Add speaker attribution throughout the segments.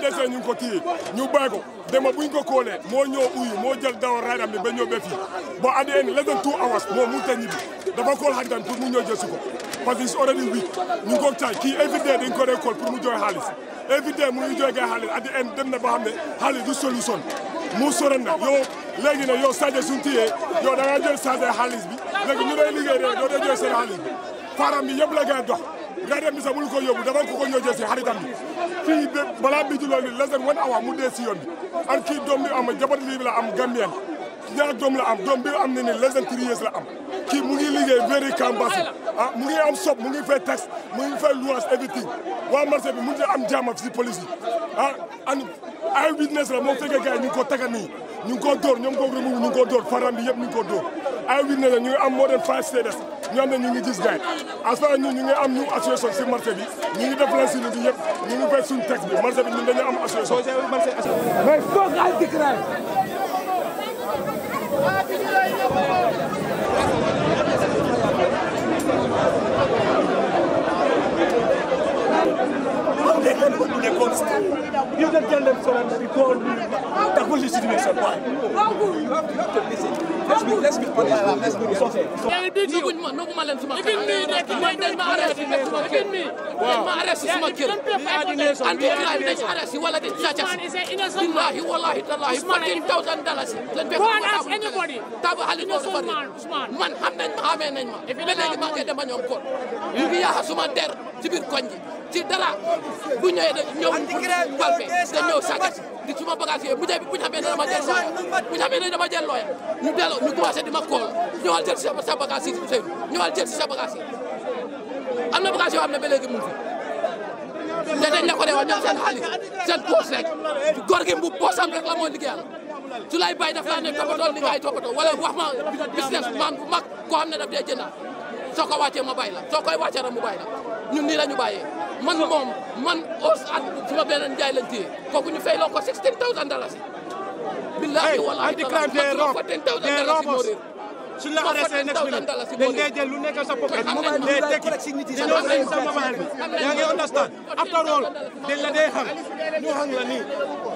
Speaker 1: benn desee ñu ngi ko téye ñu dema buñ ko koolee moo ñëw uyu moo jël dawa raydam bi ba ñëw ba fii bon at the end less moo mu tañi bi kool xaritam pour mu ñëw jël ko parce que it's already weak ñu kii every day dañ ko dee kool pour mu jooy xaalis every day mu ngi jooy gay xaalis at the end dem ba xam ne xaalis du solution mu soron na yow léegi nag yow Sadio suñu téyee yow da nga jël bi léegi ñu doy liggéey rek dee jooy seen xaalis bi faram bi la ngay dox Gardien bi sax mënu ko yóbbu dafa ko ko ñëw jël si xaritam fii ba balaa bi ci wan awa mu dee si bi an kii doom bi am jabar lii la am Gambien ñaar doom la am doom bi am na ni les intrigues la am kii mu ngi liggéey very kambasi ah mu ngi am sob mu ngi fay taxe mu ngi fay luwaas everything waa marché bi mënut a am jaama si police yi ay ah, witness la moo fekkee gars ñu ngi ko taga nii ñu ngi ko dóor ñoom ko remuwu ñu ngi ko dóor bi yëpp Nous nous avons ñoom ne ñu ngi gis gaay as ñu ñu ngi am ñu association si marché bi ñu ngi def lan si nous yëpp ñu ngi fay suñu texte bi marché bi nous dañu am association mais foog ay décret
Speaker 2: You don't tell them so that the people will tackle situation. nous nuguma
Speaker 3: leen suma kër mooy dañ ma arrêté suma kër
Speaker 2: dañ
Speaker 3: ma arrêté suma kër antiwalaay dañ arrêté wala dañ sacas billahi wallahi tallahi fourteen thousand dollars lañ fekk tabu xaalis boobu bari man xam nañ ma xamee ma ba léegi maa ngi dem ñoom koor ñu ngi suma der ci biir koñ ji ci dara bu ñëwee da ñëw palpe da ñëw sàggat di su ma bagage yooyu bu ñu xamee ne dama jël looya bu ñu xamee ne dama jël looya ñu delloo ñu commencé di ma kool ñëwal jël si sa bagage yi Ousseynou ñëwal jël si sa bagage yi na bagage yoo xam ne ba léegi mu ngi fi te la ko dee wax ñoom seen xaalis seen poos rek góor gi bu poosam rek la moo liggéeyal su lay bay daf laa ne toppatoo li ngay toppatoo wala wax ma business man bu mag koo dee jëndaat soo ko wàccee ma bàyyi la soo koy wàccee rek mu bàyyi la ñun nii la ñu bàyyee man moom man aus at suma beneen njaay lañ téye kooku ñu fay loo ko sixteen thousand dollars yi billahi wallahi taala ma ko ten thousand dollars
Speaker 4: suñ la arrêté next minute dañ lay jël lu nekk sa pocket day tekki dañoo sañ sa mobile bi yaa ngi understand
Speaker 3: after all dañ la day xam ñu xam la nii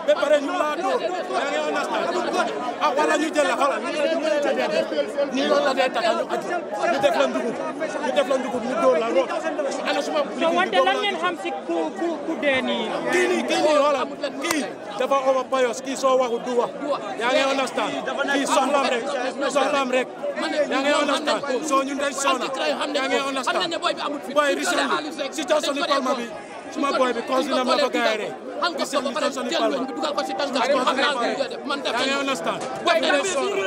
Speaker 3: ba pare ñu laa dóor
Speaker 4: yaa ngi understand ah wala
Speaker 2: ñu jël la
Speaker 3: xoolal nii la ñu tëddee
Speaker 4: nii loolu la day taxal
Speaker 2: ñu aju ñu def la ndugub ñu def la ndugub ñu dóor la root
Speaker 3: ana suma
Speaker 4: wante
Speaker 2: lan ngeen xam si ku ku ku dee nii kii nii kii nii xoolal kii dafa over payos kii soo waxu du wax yaa ngi understand kii soxlaam rek soxlaam rek yaa ngi understand soo ñun dañ soona yaa ngi understand booy Richard situation ni Palma bi suma booy bi cause na ma ko gaay rek
Speaker 4: Richard ni situation ni Palma yaa ngi understand booy dañ soona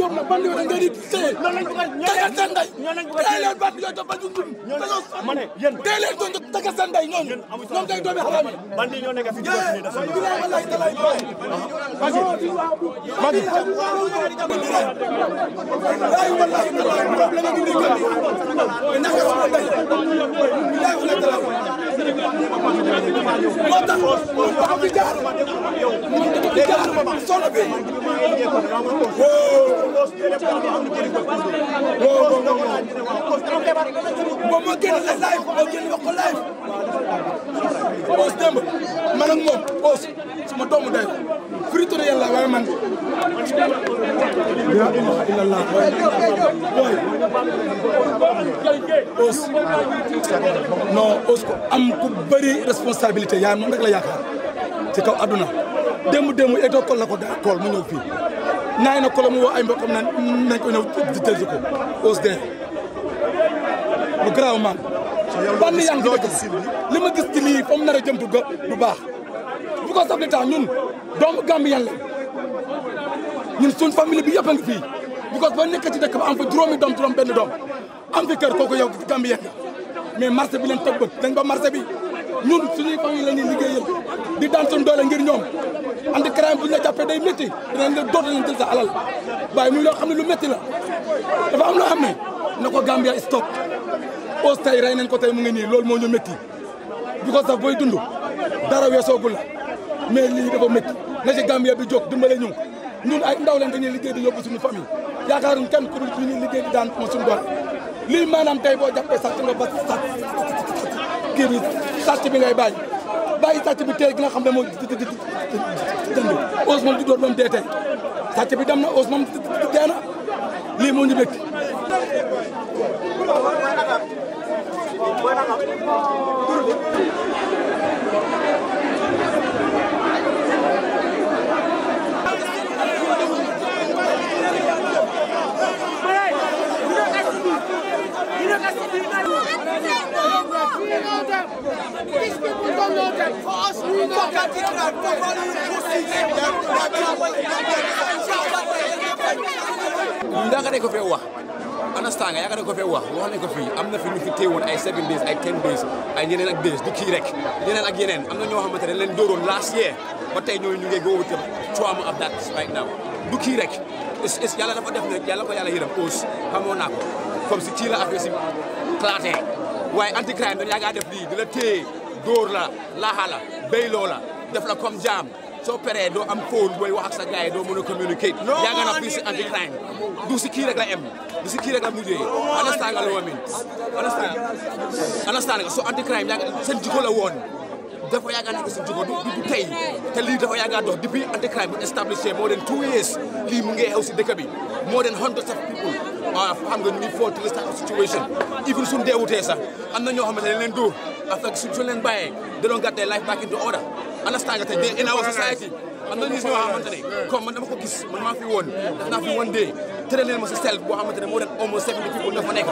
Speaker 2: ban liggéey dañ leen di téye. ñoo leen bëgg a téye seen ndey. ñoo leen bëgg a téye téye leen baat yooyu te bañ ñu dund. ñoo leen ma ne yéen téye leen doon tëgg seen ndey ñooñu. ñoom tey doomi xaram yi. ban lii ñoo nekk fi jërëjëf dafa nekk. bilaay walaay
Speaker 4: talaay baay. Basi Basi. bilaay walaay talaay moom la nga dundee kër gi.
Speaker 2: ndax nga sama ndey. bilaay walaay talaay. moo tax loxo bi jaar.
Speaker 4: loxo bi jaar solo bi. moom moo génn la live moo
Speaker 2: génn wax ko live Pause démb man ak moom Pause sama doomu day friture yàlla waaye man yaa ilaha illallah
Speaker 4: booy Pause
Speaker 2: non Pause ko am ku bëri responsabilité yaa moom rek yaakaar ci kaw àdduna démb démb école la ko da kool mu ñëw fii nine o'clock mu woo ay mbokkam naan nañ ko ñëw di tëj ko ose den lu garaaw man bann yaa ngi dëkk li ma gis ci lii fa mu nar a jëm du baax bu ko saf tax ñun doomu Gambien la ñun suñ famille bi yëpp a ngi fii because ba nekk ci dëkk ba am fa juróomi doom juróom benn doom am fi kër kooku yow Gambien mais marché bi leen tëj dañ ba marché bi ñun suñuy famille la ñuy liggéeyal di daan doole ngir ñoom andi bàyyam bu ñu la jàppee day métti dinañ la dootu leen jël sa alal bàyyi muy loo xam ne lu métti la dafa am loo xam ne na ko Gambia stop aus tay rey nañ ko tey mu ngi nii loolu moo ñu métti bi ko sax booy dund dara weesoogul la mais lii dafa métti na ci Gambia bi jóg dimbale ñu ñun ay ndaw lañ dañuy liggéey di yóbbu suñu famille yaakaaruñ kenn ku dul ñu ñuy liggéey di daan moo suñu doole lii maanaam tey boo jàppee sàcc nga ba sàcc kii bi sàcc bi ngay bàyyi bàyyi sàcc bi tey gi nga xam ne moo dënd Ousmane moom du doon moom dee tey sàcc bi dem na Ousmane moom dee na lii moo ñu bëgg
Speaker 4: ndax
Speaker 3: dañ ko fee ko fee wax wax nañ ko am fi ñu fi téewoon ay 7 days ay 10 days ay yeneen ak days du kii rek yeneen ak yeneen am na ñoo leen dóoroon last year ba tey ñooñu ñu ngi go with the trauma of that right now du kii rek is yàlla dafa def ne yàlla ko yàlla yërëm aus xamoon ko comme si kii la affaire si claté waaye anti crime dañ yaa ngaa def lii di la téye dóor la laaxa la béyloo la def la comme jaam soo peree doo am phone booy wax ak sa gars yi doo mën a communiquer. yaa ngi naan fii si du si kii rek la em du si kii rek la mujjee understand nga loo min understand soo anti yaa ngi seen la woon. dafa yàgg a nekk si jikko du du tey te lii dafa yàgg a dox depuis anti crime bu establishé more than two years lii mu ngi xew si dëkk bi moo than hundreds of people waaw xam nga ñu ngi foo situation even suñ deewutee sax am na ñoo xamante ne leen dóor. After children buying, they don't get their life back into order. Understand that they, in our society. am na gis ñoo xamante ne comme man dama ko gis man maa fi woon def naa fi one day tëral leen ma si sel boo xamante ne moo doon almost seventy people dafa nekk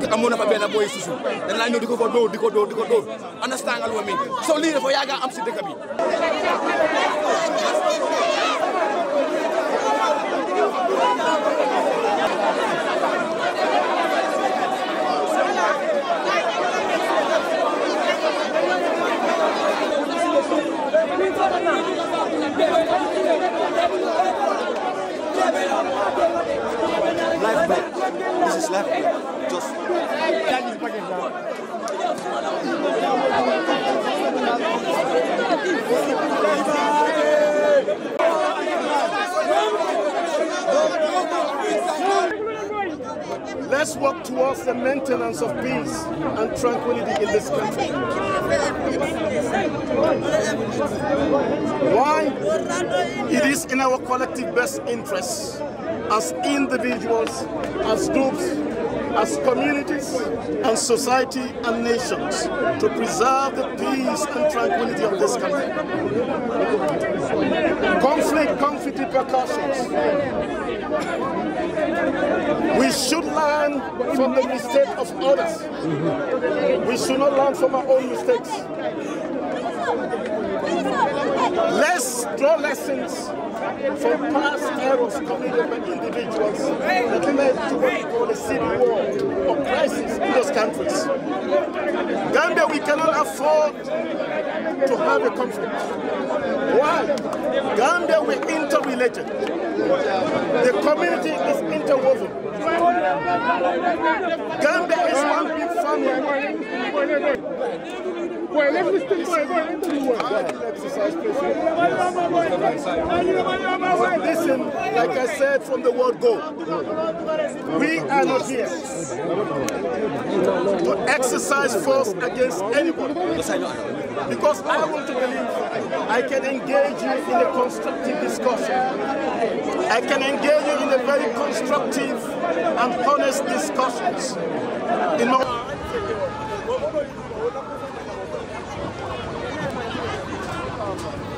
Speaker 3: te amoon na fa benn booy si suuf dañ laa di ko ko dóor di ko dóor di ko dóor understand nga lu ma mi so lii dafa yàgg am si dëkk bi
Speaker 4: work towards the maintenance of peace and tranquility in this country. Why? It is in our collective best interests as individuals, as groups, as communities and society and nations to preserve the peace and tranquility of this country. Conflict, conflict repercussions we should learn from the mistakes of others. We should not learn from our own mistakes. Let's draw lessons from past errors committed by individuals that led to what we call a civil war or crisis in those countries. Gambia, we cannot afford to have a conflict. Why? Gambia we interrelated. The community is interwoven. Gambia is one big family. Well, let me still to my let Listen, like I said from the word go, we are not here to exercise force against anybody. Because I want to believe I can engage you in a constructive discussion. I can engage you in a very constructive and honest discussions. You know, Thank you.